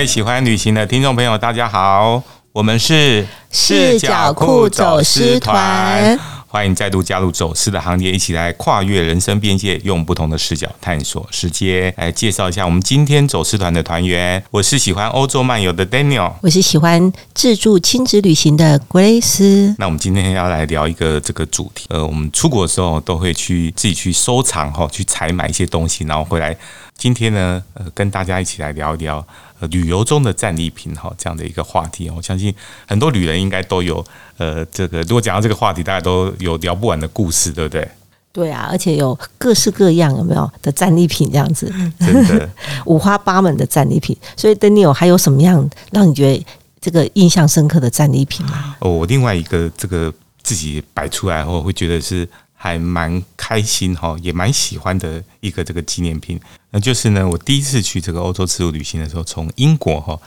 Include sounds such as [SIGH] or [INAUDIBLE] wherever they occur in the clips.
各位喜歡旅行的聽眾朋友，大家好，我們是視角酷走私團，歡迎再度加入走私的行列，一起來跨越人生邊界，用不同的視角探索世界。來介紹一下我們今天走私團的團員，我是喜歡歐洲漫遊的 Daniel，我是喜歡自助親子旅行的 Grace。那我們今天要來聊一個這個主題，呃，我們出國的時候都會去自己去收藏哈，去採買一些東西，然後回來。今天呢，呃，跟大家一起來聊一聊。呃、旅遊中的戰利品哈，這樣的一個話題，我相信很多旅人應該都有。呃，這個如果講到這個話題，大家都有聊不完的故事，對不對？對啊，而且有各式各樣，有沒有的戰利品這樣子？ [LAUGHS] 真的五花八門的戰利品。所以 Daniel，還有什麼樣讓你覺得這個印象深刻的戰利品啊？哦，我另外一個這個自己擺出來後，會覺得是還蠻開心哈，也蠻喜歡的一個這個紀念品。那就是呢，我第一次去這個歐洲自助旅行的時候，從英國哈、哦、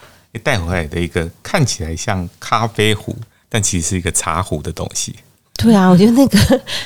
帶回來的一個看起來像咖啡壺，但其實是一個茶壺的東西。對啊，我覺得那個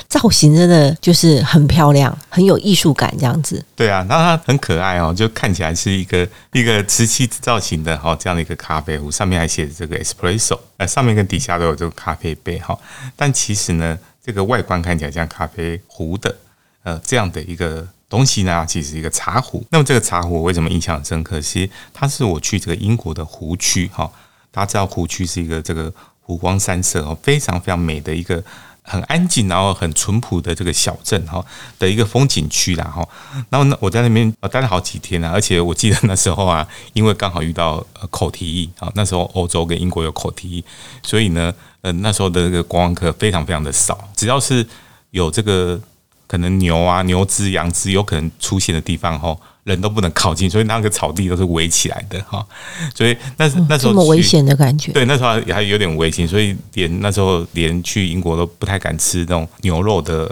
造型真的就是很漂亮，很有藝術感，這樣子。對啊，那它很可愛哦，就看起來是一個一個瓷器造型的哈、哦，這樣的一個咖啡壺，上面還寫着這個 Espresso，呃，上面跟底下都有這個咖啡杯哈、哦。但其實呢，這個外觀看起來像咖啡壺的，呃，這樣的一個。東西呢，其實是一個茶壺。那麼這個茶壺為什麼印象很深刻？是它是我去這個英國的湖區哈。大家知道湖區是一個這個湖光山色哦，非常非常美的一個很安靜然後很淳樸的這個小鎮哈的一個風景區啦哈。然後呢，我在那邊待了好幾天啊，而且我記得那時候啊，因為剛好遇到口蹄疫啊，那時候歐洲跟英國有口蹄疫，所以呢，呃，那時候的那個觀光客非常非常的少，只要是有這個。可能牛啊牛隻羊隻有可能出現的地方，吼人都不能靠近，所以那個草地都是圍起來的，哈，所以那那時候這麼危險的感覺，對，那時候還有點危險，所以連那時候連去英國都不太敢吃那種牛肉的。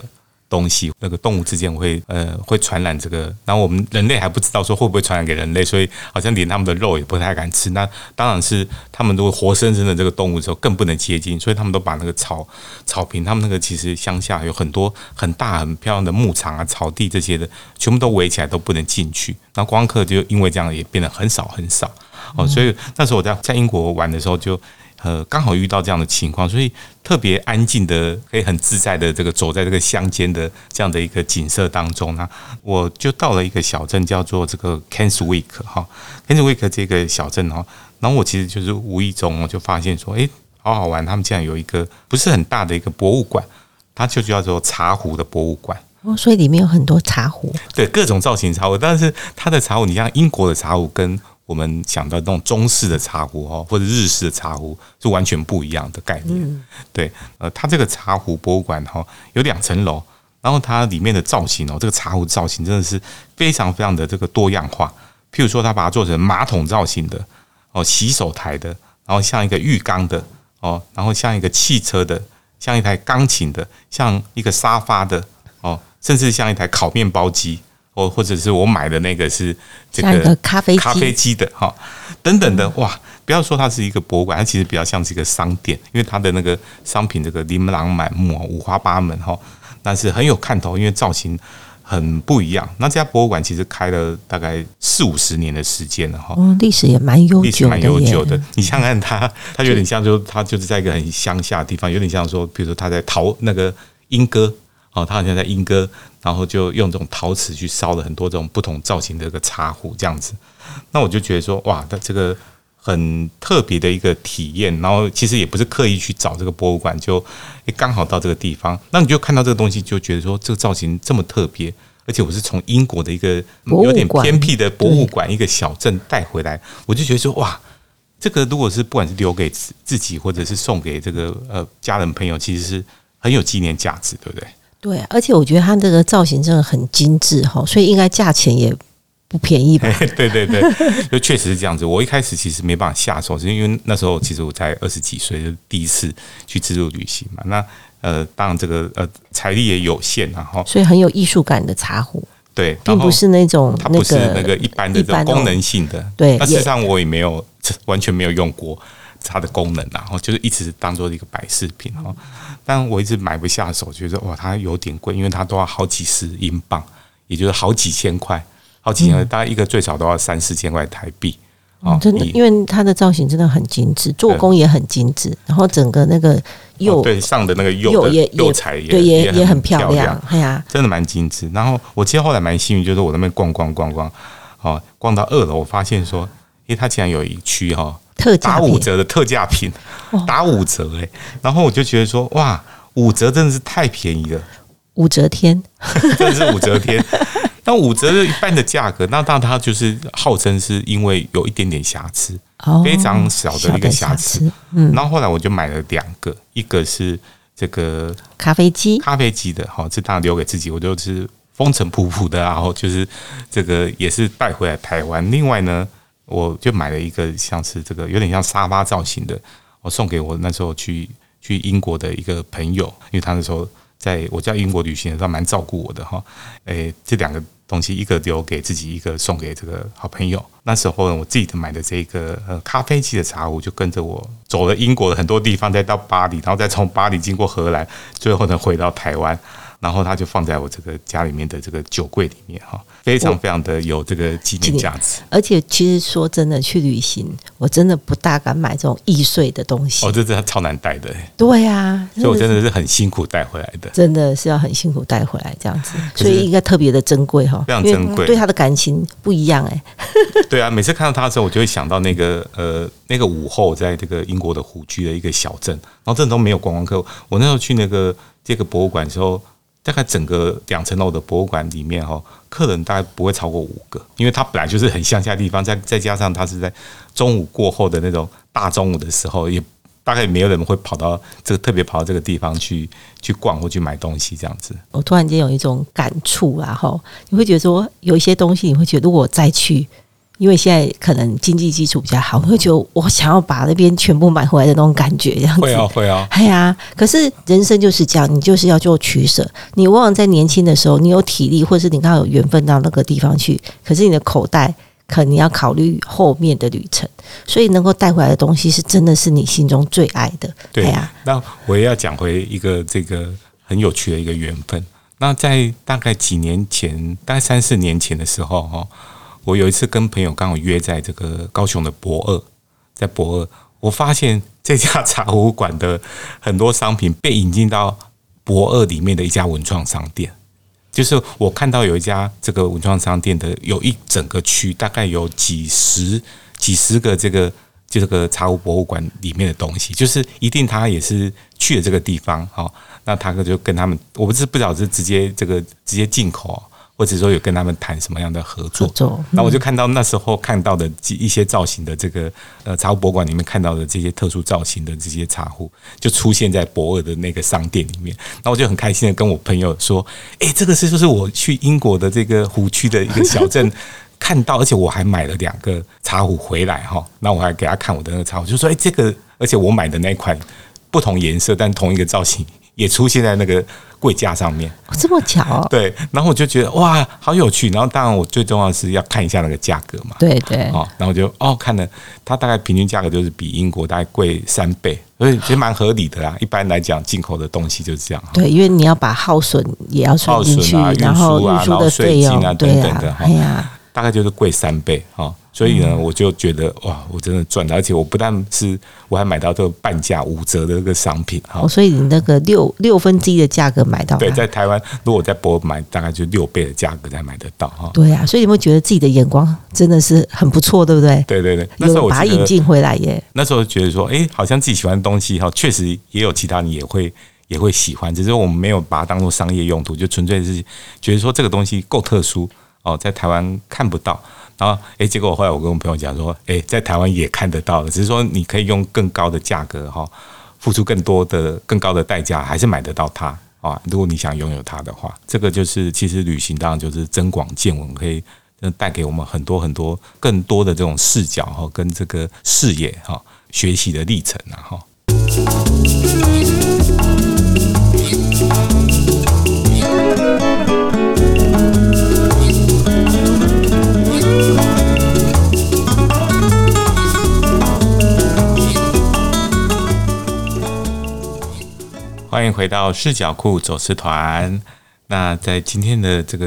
東西那個動物之間會呃會傳染這個，然後我們人類還不知道說會不會傳染給人類，所以好像連他們的肉也不太敢吃。那當然是他們都活生生的這個動物時候更不能接近，所以他們都把那個草草坪，他們那個其實鄉下有很多很大很漂亮的牧場啊草地這些的，全部都圍起來都不能進去。然後光客就因為這樣也變得很少很少哦、嗯。所以那時候我在在英國玩的時候就。呃，剛好遇到這樣的情況，所以特別安靜的，可以很自在的這個走在這個鄉間的這樣的一個景色當中呢。我就到了一個小鎮，叫做這個 Keswick 哈。Keswick 這個小鎮哦，然後我其實就是無意中我就發現說，哎、欸，好好玩，他們竟然有一個不是很大的一個博物館，它就叫做茶壺的博物館。哦，所以裡面有很多茶壺，對各種造型茶壺，但是它的茶壺，你像英國的茶壺跟。我們想到那種中式的茶壺、哦、或者日式的茶壺，是完全不一樣的概念。嗯、對，呃，它這個茶壺博物館哈、哦，有兩層樓，然後它裡面的造型哦，這個茶壺造型真的是非常非常的這個多樣化。譬如說，它把它做成馬桶造型的哦、洗手台的，然後像一個浴缸的哦，然後像一個汽車的，像一台鋼琴的，像一個沙發的哦，甚至像一台烤麵包機。或或者是我買的那個是這個咖啡咖啡機的哈，等等的哇！不要說它是一個博物館，它其實比較像是一個商店，因為它的那個商品這個琳琅滿目、五花八門哈，但是很有看頭，因為造型很不一樣。那這家博物館其實開了大概四五十年的時間了哈，歷史也蠻悠久，蠻悠久的。你想看它，它有點像，就它就是在一個很鄉下的地方，有點像說，比如說它在淘那個鶯歌哦，它好像在鶯歌。然後就用這種陶瓷去燒了很多這種不同造型的一個茶壺，這樣子。那我就覺得說，哇，它這個很特別的一個體驗。然後其實也不是刻意去找這個博物館，就剛好到這個地方，那你就看到這個東西，就覺得說這個造型這麼特別，而且我是從英國的一個有點偏僻的博物館一個小鎮帶回來，我就覺得說，哇，這個如果是不管是留給自己，或者是送給這個呃家人朋友，其實是很有紀念價值，對不對？對，而且我覺得它這個造型真的很精緻哈，所以應該價錢也不便宜吧？對對對，就確實是這樣子。我一開始其實沒辦法下手，是因為那時候其實我才二十幾歲，就第一次去自助旅行嘛。那呃，當然這個呃，財力也有限哈、啊。所以很有藝術感的茶壺，對，並不是那種、那個、它不是那個一般的這種功能性的。哦、對，但事實上我也沒有 yeah, 完全沒有用過。它的功能、啊，然後就是一直當做一個擺飾品、啊、但我一直買不下手，覺得哇，它有點貴，因為它都要好幾十英鎊，也就是好幾千塊，好幾千塊、嗯，大概一個最少都要三四千塊台幣、嗯、真的，因為它的造型真的很精緻，做工也很精緻、嗯，然後整個那個釉、哦、對上的那個釉也釉彩也，也對也也很漂亮，很漂亮啊、真的蠻精緻。然後我其實後來蠻幸運，就是我那邊逛逛逛逛哦，逛到二樓，我發現說。因為它竟然有一區哈、哦，打五折的特價品，哦、打五折哎、欸，然後我就覺得說哇，五折真的是太便宜了。武則天，呵呵真是武則天。那 [LAUGHS] 五折的一半的價格，那那它就是號稱是因為有一點點瑕疵，哦、非常小的一個瑕疵，的瑕疵。嗯，然後後來我就買了兩個，一個是這個咖啡機，咖啡機的，好、哦，這當然留給自己，我就是風塵僕僕的，然後就是這個也是帶回來台灣。另外呢。我就買了一個像是這個有點像沙發造型的，我送給我那時候去去英國的一個朋友，因為他那時候在我在英國旅行的時候蠻照顧我的哈。誒、欸，這兩個東西，一個留給自己，一個送給這個好朋友。那時候呢我自己的買的這個咖啡機的茶壺，就跟着我走了英國的很多地方，再到巴黎，然後再從巴黎經過荷蘭，最後呢回到台灣。然後他就放在我這個家裡面的這個酒櫃裡面哈，非常非常的有這個紀念價值。而且其實說真的，去旅行我真的不大敢買這種易碎的東西。哦，這的超難帶的。對呀、啊，所以我真的是很辛苦帶回來的。真的是要很辛苦帶回來這樣子，所以應該特別的珍貴哈。非常珍貴、嗯，對他的感情不一樣哎。對啊，每次看到他的時候，我就會想到那個呃那個午後，在這個英國的湖區的一個小鎮，然後鎮都沒有觀光客。我，我那時候去那個這個博物館的時候。大概整個兩層樓的博物館裡面，哈，客人大概不會超過五個，因為它本來就是很鄉下地方，再再加上它是在中午過後的那種大中午的時候，也大概也沒有人會跑到這個特別跑到這個地方去去逛或去買東西這樣子。我突然間有一種感觸啊，然後你會覺得說有一些東西，你會覺得如果我再去。因為現在可能經濟基礎比較好，我覺得我想要把那邊全部買回來的那種感覺，這樣子會啊、哦、會啊、哦，哎呀。可是人生就是這樣，你就是要做取舍。你往往在年輕的時候，你有體力，或者是你剛好有緣分到那個地方去，可是你的口袋，可能你要考慮後面的旅程。所以能夠帶回來的東西，是真的是你心中最愛的。對啊、哎，那我也要講回一個這個很有趣的一個緣分。那在大概幾年前，大概三四年前的時候，哈。我有一次跟朋友剛好約在這個高雄的駁二，在駁二，我發現這家茶壺館的很多商品被引進到駁二裡面的一家文創商店。就是我看到有一家這個文創商店的，有一整個區，大概有幾十幾十個這個就這個茶壺博物館裡面的東西，就是一定他也是去了這個地方好、哦，那他哥就跟他們，我不是不曉得是直接這個直接進口。或者說有跟他們談什麼樣的合作？那、嗯、我就看到那時候看到的一些造型的這個呃茶壺博物館裡面看到的這些特殊造型的這些茶壺，就出現在博爾的那個商店裡面。那我就很開心的跟我朋友說：“誒、欸，這個就是我去英國的這個湖區的一個小鎮 [LAUGHS] 看到，而且我還買了兩個茶壺回來哈。”那我還給他看我的那個茶壺，就說：“誒、欸，這個，而且我買的那款不同顏色，但同一個造型。”也出現在那個櫃架上面、哦，這麼巧、哦？對，然後我就覺得哇，好有趣。然後當然，我最重要的是要看一下那個價格嘛。對對，哦，然後我就哦，看了它大概平均價格就是比英國大概貴三倍，所以其實蠻合理的啦。哦、一般來講，進口的東西就是這樣。哦、對，因為你要把耗損也要算進去、啊輸啊，然後運輸的費用啊，啊等等的，哎、哦、呀、啊，大概就是貴三倍哈。哦所以呢，我就覺得哇，我真的賺到，而且我不但是我還買到這個半價五折的這個商品哈。哦，所以你那個六、嗯、六分之一的價格買到對，在台灣如果我在博物館，大概就六倍的價格才買得到哈、哦。對啊，所以你會覺得自己的眼光真的是很不錯，對不對？對對對，那時候我把它引進回來耶。那時候覺得說，哎、欸，好像自己喜歡的東西哈，確實也有其他你也會也會喜歡，只是我們沒有把它當做商業用途，就純粹是覺得說這個東西夠特殊哦，在台灣看不到。啊，哎，結果我後來我跟我朋友講說，哎，在台灣也看得到了，只是說你可以用更高的價格哈，付出更多的更高的代價，還是買得到它啊、哦。如果你想擁有它的話，這個就是其實旅行當然就是增廣見聞，可以帶給我們很多很多更多的這種視角哈、哦，跟這個視野哈、哦，學習的歷程啊哈。哦。回到視角酷走私團，那在今天的這個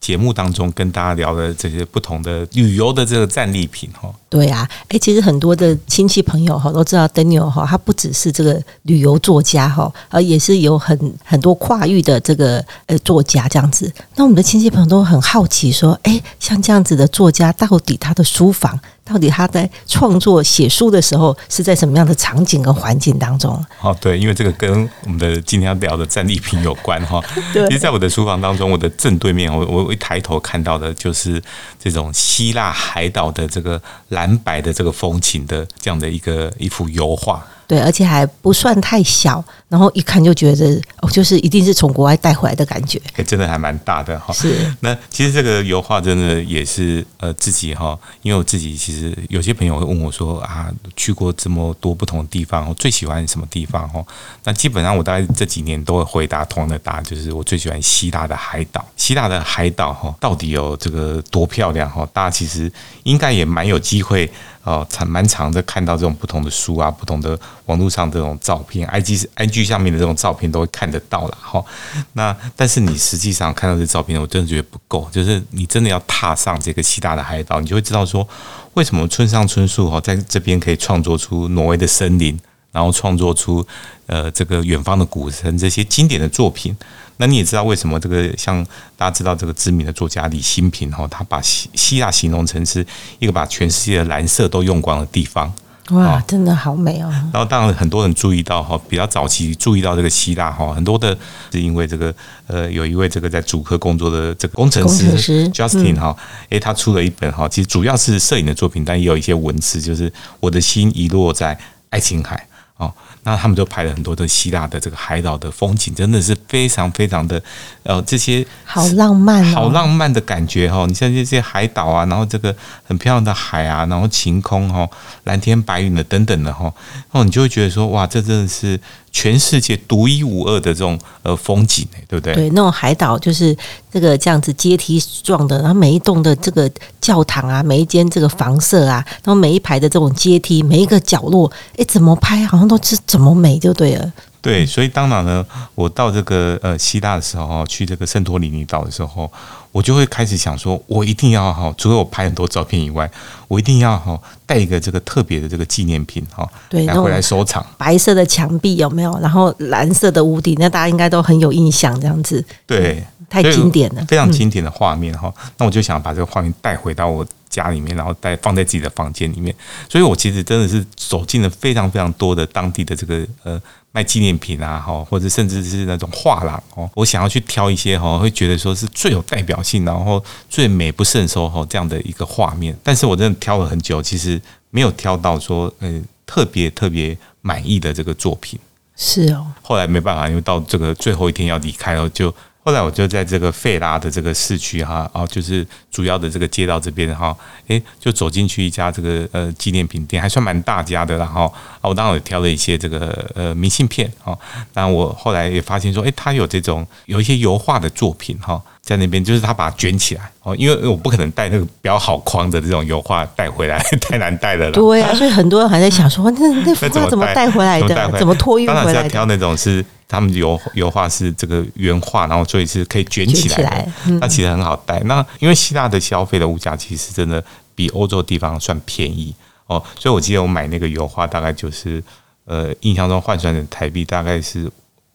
節目當中，跟大家聊的這些不同的旅遊的這個戰利品哈，對啊、欸，其實很多的親戚朋友哈，都知道 Daniel 哈，他不只是這個旅遊作家哈，而也是有很很多跨域的這個呃作家這樣子。那我們的親戚朋友都很好奇說，哎、欸，像這樣子的作家，到底他的書房到底他在創作寫書的時候是在什麼樣的場景跟環境當中？哦，對，因為這個跟我們的今天要聊的戰利品有關哈。 [LAUGHS] 對，其實在我的書房當中，我的正對面，我我一抬頭看到的就是這種希臘海島的這個藍白的這個風情的這樣的一個一幅油畫。對，而且還不算太小，然後一看就覺得哦，就是一定是從國外帶回來的感覺，欸、真的還蠻大的哈、哦。是，那其實這個油畫真的也是呃自己哈、哦，因為我自己其實有些朋友會問我說啊，去過這麼多不同的地方，我最喜歡什麼地方哈、哦？那基本上我大概這幾年都會回答同樣的答案，就是我最喜歡希臘的海島。希臘的海島哈、哦，到底有這個多漂亮哈、哦？大家其實應該也蠻有機會。哦，長蠻長的，看到這種不同的書啊，不同的網絡上這種照片，I G 是 I G 上面的這種照片，都會看得到啦。哈、哦。那但是你實際上看到這照片，我真的覺得不夠，就是你真的要踏上這個希臘的海島，你就會知道說，為什麼村上春樹哈在這邊可以創作出挪威的森林，然後創作出呃這個遠方的鼓聲這些經典的作品。那你也知道為什麼這個像大家知道這個知名的作家李欣頻哈，他把希希臘形容成是一個把全世界的藍色都用光的地方。哇，真的好美哦！然後當然很多人注意到哈，比較早期注意到這個希臘哈，很多的是因為這個呃，有一位這個在竹科工作的這個工程師 Justin 哈、嗯，他出了一本哈，其實主要是攝影的作品，但也有一些文字，就是我的心遺落在愛琴海啊。那他們就拍了很多的希臘的這個海島的風景，真的是非常非常的，呃，這些好浪漫，哦，好浪漫的感覺哈，哦。你像這些海島啊，然後這個很漂亮的海啊，然後晴空哈，哦，藍天白雲的等等的哈，哦，你就會覺得說，哇，這真的是。全世界獨一無二的這種呃風景，對不對？對，那種海島就是這個這樣子階梯狀的，然後每一棟的這個教堂啊，每一間這個房舍啊，然後每一排的這種階梯，每一個角落，哎、欸，怎麼拍好像都是怎麼美就對了。對，所以當然呢，我到這個呃希臘的時候，去這個聖托里尼島的時候，我就會開始想說，我一定要哈，除了我拍很多照片以外，我一定要哈帶一個這個特別的這個紀念品哈，拿回來收藏。白色的牆壁有沒有？然後藍色的屋頂，那大家應該都很有印象，這樣子。對，嗯、太經典了，非常經典的畫面哈、嗯。那我就想把這個畫面帶回到我家裡面，然後帶放在自己的房間裡面。所以，我其實真的是走進了非常非常多的當地的這個呃。賣紀念品啊，或者甚至是那種畫廊哦，我想要去挑一些吼，會覺得說是最有代表性，然後最美不勝收吼這樣的一個畫面。但是我真的挑了很久，其實沒有挑到說，呃，特別特別滿意的這個作品。是哦。後來沒辦法，因為到這個最後一天要離開了，就。後來我就在這個費拉的這個市區哈，哦，就是主要的這個街道這邊哈，誒，就走進去一家這個呃紀念品店，還算蠻大家的了哈。啊、哦，我當時也挑了一些這個呃明信片啊、哦，但我後來也發現說，誒，它有這種有一些油畫的作品哈。哦在那邊，就是他把它捲起來哦，因為我不可能帶那個比較好框的這種油畫帶回來，太難帶的了，了。對啊，所以很多人還在想說，那那幅畫怎麼帶回來的？怎麼，回來怎麼託運回來？當然，是要挑那種是 [LAUGHS] 他們油油畫是這個原畫，然後所以是可以捲起來，起來、嗯，那其實很好帶。那因為希臘的消費的物價其實真的比歐洲地方算便宜哦，所以我記得我買那個油畫大概就是呃，印象中換算的台幣大概是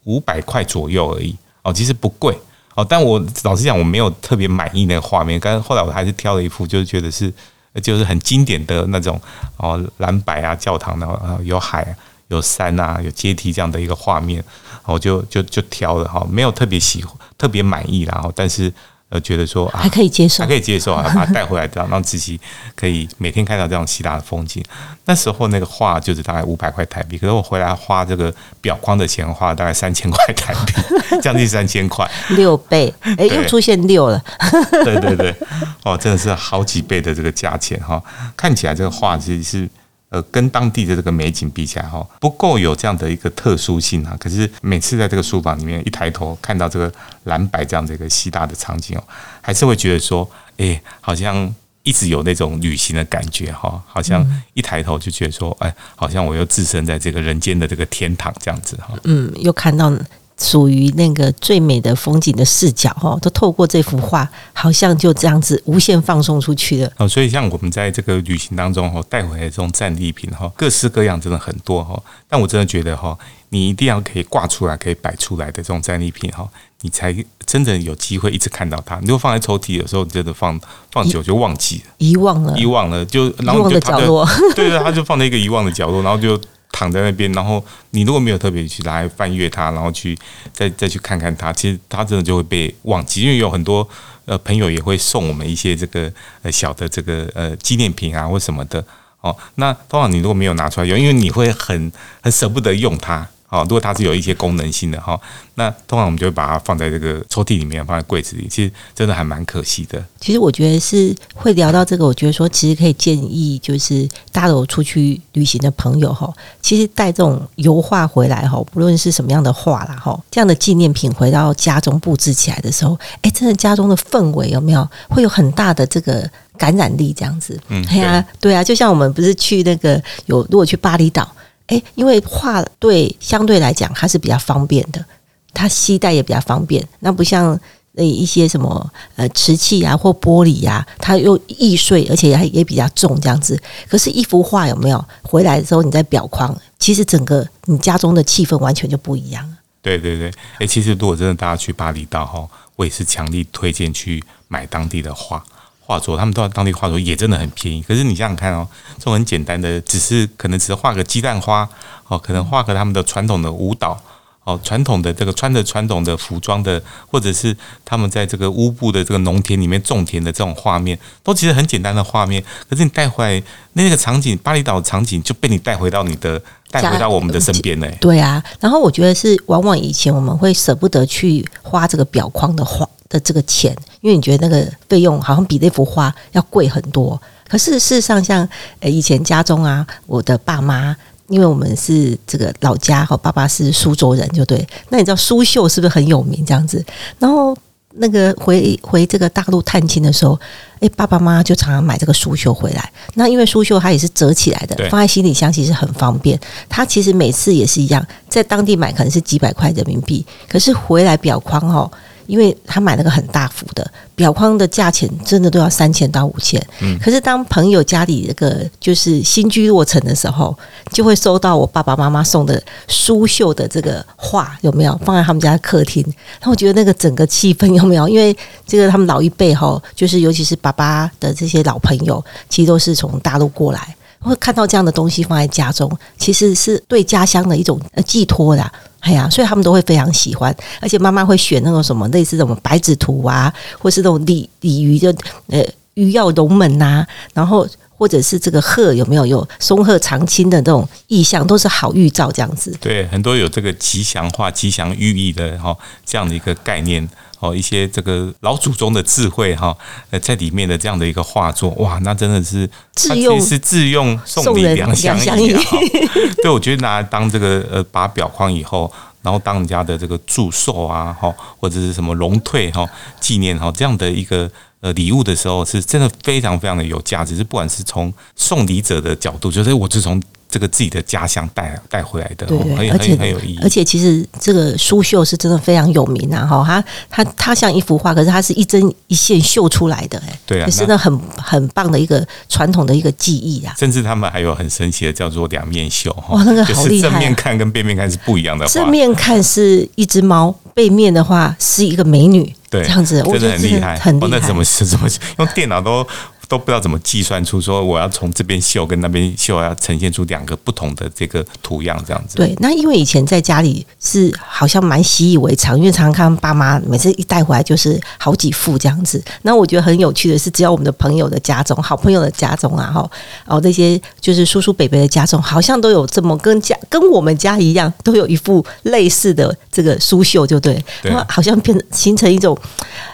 五百塊左右而已哦，其實不貴。哦，但我老實講，我沒有特別滿意的畫面。但是後來我還是挑了一幅，就是覺得是，就是很經典的那種哦，藍白啊，教堂的啊，有海啊，有山啊，有階梯這樣的一個畫面，我就就就挑了哈，沒有特別喜歡，特別滿意啦，然後但是。呃，覺得說、啊、還可以接受、啊，還可以接受啊，把它帶回來，這樣讓自己可以每天看到這樣希臘的風景。那時候那個畫就是大概五百塊台幣，可是我回來花這個裱框的錢，花了大概三千塊台幣，將 [LAUGHS] 近三千塊，六倍，哎、欸，又出現六了。 [LAUGHS] 對對對，哦，真的是好幾倍的這個價錢哈、哦，看起來這個畫其實是。呃，跟當地的這個美景比起來、哦，哈，不夠有這樣的一個特殊性啊。可是每次在這個書房裡面一抬頭，看到這個藍白這樣子一個希臘的場景哦，還是會覺得說，哎，好像一直有那種旅行的感覺哈、哦，好像一抬頭就覺得說，哎，好像我又置身在這個人間的這個天堂這樣子哈、哦。嗯，又看到。屬於那個最美的風景的視角哈，都透過這幅畫，好像就這樣子無限放送出去的。哦，所以像我們在這個旅行當中哈，帶回來的這種戰利品哈，各式各樣真的很多哈。但我真的覺得哈，你一定要可以掛出來、可以擺出來的這種戰利品哈，你才真的有機會一直看到它。你就放在抽屜的時候，你真的放放久就忘記了，遺忘了，遺忘了，忘就然後就對對，它就放在一個遺忘的角落，然後就。躺在那邊，然後你如果沒有特別去來翻閱它，然後去再再去看看它，其實它真的就會被忘記，因為有很多呃朋友也會送我們一些這個呃小的這個呃紀念品啊或什麼的哦。那當然你如果沒有拿出來用，因為你會很很舍不得用它。好，如果它是有一些功能性的哈，那通常我們就會把它放在這個抽屜裡面，放在櫃子裡。其實真的還蠻可惜的。其實我覺得是會聊到這個，我覺得說其實可以建議，就是大家有出去旅行的朋友哈，其實帶這種油畫回來哈，不論是什麼樣的畫哈，這樣的紀念品回到家中布置起來的時候，哎、欸，真的家中的氛圍有沒有會有很大的這個感染力？這樣子，嗯，對，對啊，對啊，就像我們不是去那個有，如果去巴厘島。哎、欸，因為畫對相對來講它是比較方便的，它攜帶也比較方便。那不像那一些什麼呃瓷器啊或玻璃呀、啊，它又易碎，而且還也比較重這樣子。可是，一幅畫有沒有回來的時候你在裱框，其實整個你家中的氣氛完全就不一樣。對對對，哎、欸，其實如果真的大家去巴厘島哈，我也是強力推薦去買當地的畫。畫作，他們都在當地畫作也真的很便宜。可是你想想看哦，這種很簡單的，只是可能只是畫個雞蛋花，哦，可能畫個他們的傳統的舞蹈，哦，傳統的這個穿着傳統的服裝的，或者是他們在這個烏布的這個農田裡面種田的這種畫面，都其實很簡單的畫面。可是你帶回來那個場景，巴厘島的場景就被你帶回到你的，帶回到我們的身邊呢、欸。對啊，然後我覺得是，往往以前我們會舍不得去花這個表框的畫的這個錢，因為你覺得那個費用好像比那幅畫要貴很多，可是事實上像，像、欸、呃以前家中啊，我的爸媽，因為我們是這個老家，和爸爸是蘇州人，就對。那你知道蘇繡是不是很有名？這樣子，然後那個回回這個大陸探親的時候，誒、欸，爸爸媽媽就常常買這個蘇繡回來。那因為蘇繡它也是折起來的，放在行李箱其實很方便。它其實每次也是一樣，在當地買可能是幾百塊人民幣，可是回來裱框哦。因為他買了個很大幅的裱框的價錢，真的都要三千到五千。可是當朋友家裡那個就是新居落成的時候，就會收到我爸爸媽媽送的蘇繡的這個畫，有沒有放在他們家的客廳？那我覺得那個整個氣氛有沒有？因為這個他們老一輩哈，就是尤其是爸爸的這些老朋友，其實都是從大陸過來，會看到這樣的東西放在家中，其實是對家鄉的一種寄托的、啊。哎呀，所以他們都會非常喜歡，而且媽媽會選那種什麼類似什麼白紙圖啊，或是那種鯉鯉魚就呃。魚躍龍門吶、啊，然後或者是這個鶴有沒有有松鶴長青的這種意象，都是好預兆這樣子。對，很多有這個吉祥畫吉祥寓意的哈、哦，這樣的一個概念哦，一些這個老祖宗的智慧哈、哦呃，在裡面的這樣的一個畫作，哇，那真的是自用其實是自用送禮兩相宜哈、啊啊。 [LAUGHS] 對，我覺得拿、啊、當這個呃把裱框以後，然後當人家的這個祝壽啊，哈、哦，或者是什麼龍退哈紀、哦、念哈、哦、這樣的一個。呃，禮物的時候是真的非常非常的有價值，是不管是從送禮者的角度，就是我是從這個自己的家鄉帶帶回來的，對，對，而且很，很有意義。而且其實這個蘇繡是真的非常有名啊，哈、哦，它它它像一幅畫，可是它是一針一線繡出來的、欸，哎，對、啊，真、就、的、是、很那很棒的一個傳統的一個技藝啊。甚至他們還有很神奇的叫做兩面繡，哇，那個好厲害、啊！就是、正面看跟背面看是不一樣的，正面看是一隻貓，背面的話是一個美女。對，這樣子真的很厲害，很厲害、哦、那怎麼怎麼用電腦都？ [LAUGHS] 都不知道怎麼計算出說我要從這邊繡跟那邊繡要呈現出兩個不同的這個圖樣這樣子。對，那因為以前在家裡是好像蠻習以為常，因為常常看爸媽每次一帶回來就是好幾副這樣子。那我覺得很有趣的是，只要我們的朋友的家中、好朋友的家中啊，哈，哦，那些就是叔叔伯伯的家中，好像都有這麼跟家跟我們家一樣，都有一副類似的這個蘇繡，就對。那、啊、好像變成形成一種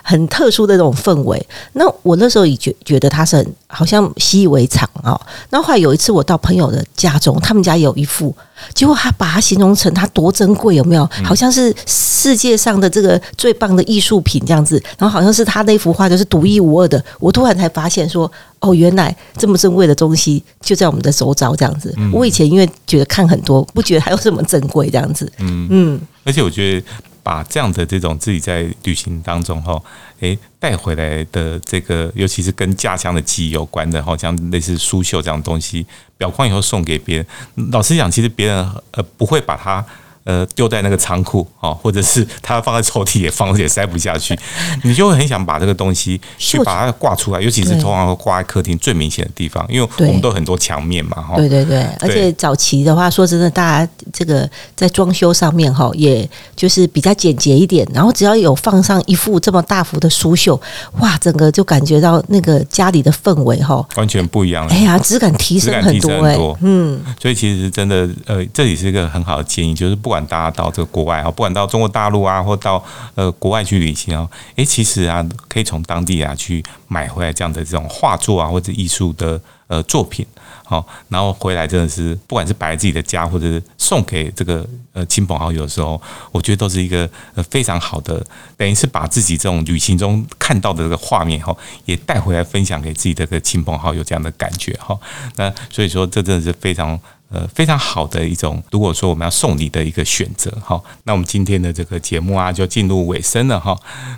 很特殊的這種氛圍。那我那時候也覺覺得他。發生好像習以為常哦，然後後來有一次我到朋友的家中，他們家有一幅，結果他把它形容成它多珍貴，有沒有？好像是世界上的這個最棒的藝術品這樣子，然後好像是他那幅畫就是獨一無二的。我突然才發現說，哦，原來這麼珍貴的東西就在我們的周遭這樣子。我以前因為覺得看很多，不覺得還有什麼珍貴這樣子。嗯嗯，而且我覺得。把這樣的這種自己在旅行當中哈，誒、欸、帶回來的這個，尤其是跟家鄉的記憶有關的哈，像類似蘇繡這樣東西，裱框以後送給別人，老實講，其實別人呃不會把它。呃，丟在那個倉庫啊，或者是他放在抽屜也放也塞不下去，你就會很想把這個東西去把它掛出來，尤其是通常會掛在客廳最明顯的地方，因為我們都很多牆面嘛，哈。對對對，對，而且早期的話，說真的，大家這個在裝修上面哈，也就是比較簡潔一點，然後只要有放上一幅這麼大幅的蘇繡，哇，整個就感覺到那個家裡的氛圍哈，完全不一樣了。哎呀，質感提升很多、欸，很多。嗯，所以其實真的，呃，這裡是一個很好的建議，就是不。不管大家到這個國外啊，不管到中國大陸啊，或到呃國外去旅行啊。誒、欸，其實啊，可以從當地啊去買回來這樣的這種畫作啊，或者藝術的呃作品，好、哦，然後回來真的是不管是擺自己的家，或者是送給這個呃親朋好友的時候，我覺得都是一個、呃、非常好的，等於是把自己這種旅行中看到的這個畫面哈、哦，也帶回來分享給自己的這個親朋好友這樣的感覺哈、哦。那所以說，這真的是非常。呃，非常好的一種，如果說我們要送禮的一個選擇哈，那我們今天的這個節目啊，就進入尾聲了哈。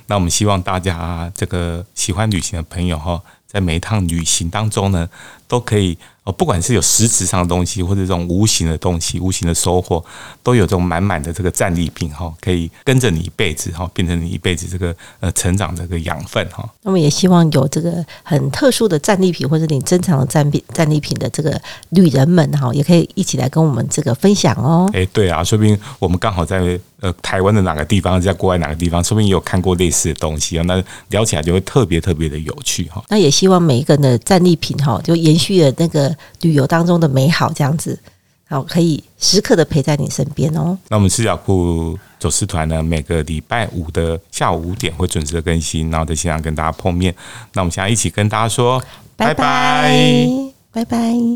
那我們希望大家啊這個喜歡旅行的朋友哈，在每一趟旅行當中呢，都可以。哦，不管是有實質上的東西，或者這種無形的東西，無形的收穫，都有這種滿滿的這個戰利品哈，可以跟着你一輩子哈，變成你一輩子這個呃成長這個養分哈。那麼也希望有這個很特殊的戰利品，或者你珍藏的戰利戰利品的這個旅人們哈，也可以一起來跟我們這個分享哦。誒、欸，對啊，說不定我們剛好在。呃，台灣的哪個地方，在國外哪個地方，說不定也有看過類似的東西啊、哦。那聊起來就會特別特別的有趣哈、哦。那也希望每一個人的戰利品哈、哦，就延續了那個旅遊當中的美好這樣子，好，可以時刻的陪在你身邊哦。那我們視角酷走私團呢，每個禮拜五的下午五點會準時的更新，然後在線上跟大家碰面。那我們現在一起跟大家說，拜拜，拜拜。Bye bye